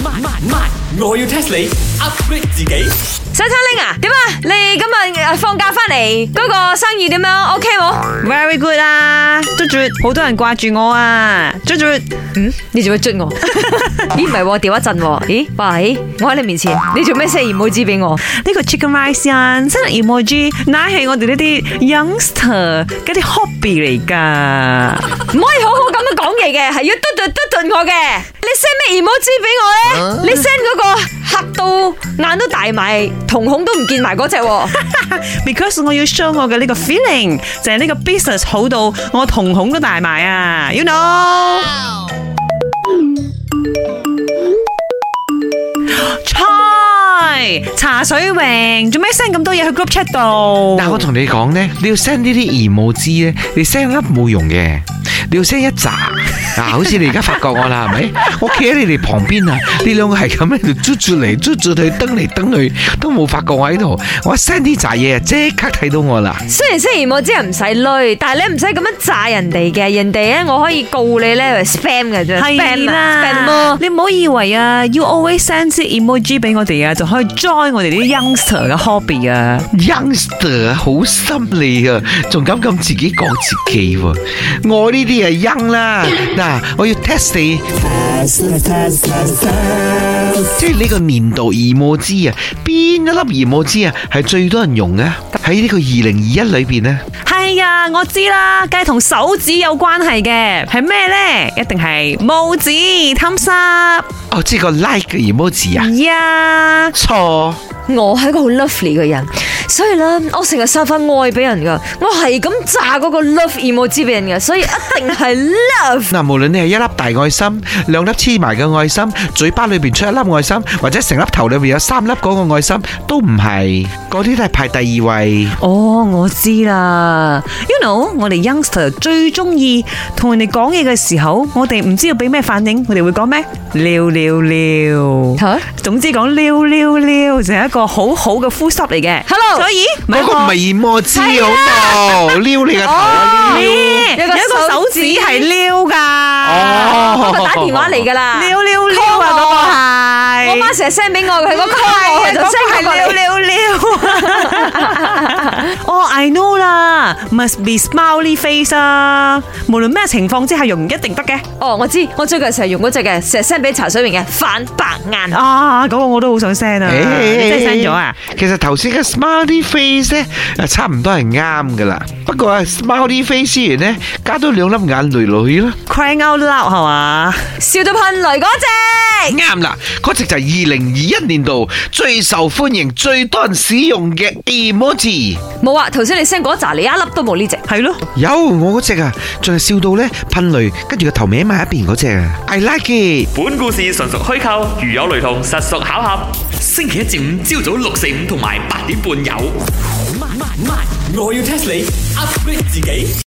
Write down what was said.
慢慢慢，我要 test 你，upgrade 自己。小差玲啊，點啊？你今日誒放假翻？嗰個生意點樣？OK 冇？Very good 啊、uh.！嘟嘟，好多人掛住我啊！嘟嘟，嗯，你做乜捽我？咦唔係，電話震，咦、欸？喂，我喺你面前，你做咩 send emoji 俾我？呢個 chicken rice 啊，send emoji，乃係我哋呢啲 youngster 嗰啲 hobby 嚟噶。唔可以好好咁樣講嘢嘅，係要嘟嘟嘟嘟我嘅。你 send 咩 emoji 俾我咧？ 你 send 嗰、嗰個。眼都大埋，瞳孔都唔見埋嗰隻，because 我要 show 我嘅呢個 feeling，就係呢個 business 好到我瞳孔都大埋啊，you know？Try 茶水泳，做咩 send 咁多嘢去 group chat 度？嗱，我同你講咧，你要 send 呢啲二冇資咧，你 send 粒冇用嘅。你要 send 一扎，嗱，好似你而家發覺我啦，係咪？我企喺你哋旁邊啊，你兩個係咁樣捉住嚟捉住佢瞪嚟瞪去，都冇發覺我喺度。我 send 啲扎嘢，即刻睇到我啦。雖然雖然我知人唔使累，但係你唔使咁樣詐人哋嘅，人哋咧，我可以告你咧 spam 嘅啫。係啦，你唔好以為啊，you always send 啲 emoji 俾我哋啊，就可以 join 我哋啲 youtuber 嘅 hobby 啊。youtuber 好心你啊，仲敢咁自己講自己喎，我呢啲。啲啊音啦，嗱，我要 test 你，即係呢個年度而模紙啊，邊一粒而模紙啊係最多人用嘅？喺呢個二零二一裏邊呢？係啊，我知啦，梗係同手指有關係嘅，係咩咧？一定係拇指，貪濕，哦，即係個 like 而模紙啊，錯 Yeah, 錯，我係一個好 lovely 嘅人。所以啦，我成日送翻愛俾人噶，我係咁炸嗰個 love emoji 俾人嘅，所以一定係 love。嗱，無論你係一粒大愛心、兩粒黐埋嘅愛心、嘴巴裏邊出一粒愛心，或者成粒頭裏邊有三粒嗰個愛心，都唔係，嗰啲都係排第二位。哦，我知啦。You know，我哋 youngster 最中意同人哋講嘢嘅時候，我哋唔知道俾咩反應，我哋會講咩？撩撩撩。吓，總之講撩撩撩就係一個好好嘅呼吸嚟嘅。Hello。所以嗰個唔係魔之撩，撩你個頭，撩有個手指係撩噶。哦，打電話嚟噶啦，撩撩撩啊，嗰個係，我媽成日 send 俾我佢嗰個，佢就 send 過嚟。我、oh, I know 啦，must be Smiley Face 啊！無論咩情況之下用唔一定得嘅。哦，我知，我最近成日用嗰隻嘅，send 俾茶水明嘅反白眼啊！嗰、嗰個我都好想 send 啊，hey, 真係 send 咗啊！其實頭先嘅 Smiley Face 咧，差唔多係啱噶啦。個貓啲 face 完，加多兩粒眼淚淚咯，cry out loud 係嘛，笑到噴淚嗰隻，啱啦，嗰隻就係二零二一年度最受歡迎、最多人使用嘅 emoji。冇啊，頭先你 send 嗰紮，你一粒都冇呢隻，係咯，有我嗰隻啊，仲係笑到咧噴淚，跟住個頭歪埋一邊嗰隻啊。I like it。本故事純屬虛構，如有雷同，實屬巧合。星期一至五朝早六四五同埋八點半有。Oh my, my, my, my. 我要 test 你。逼自己。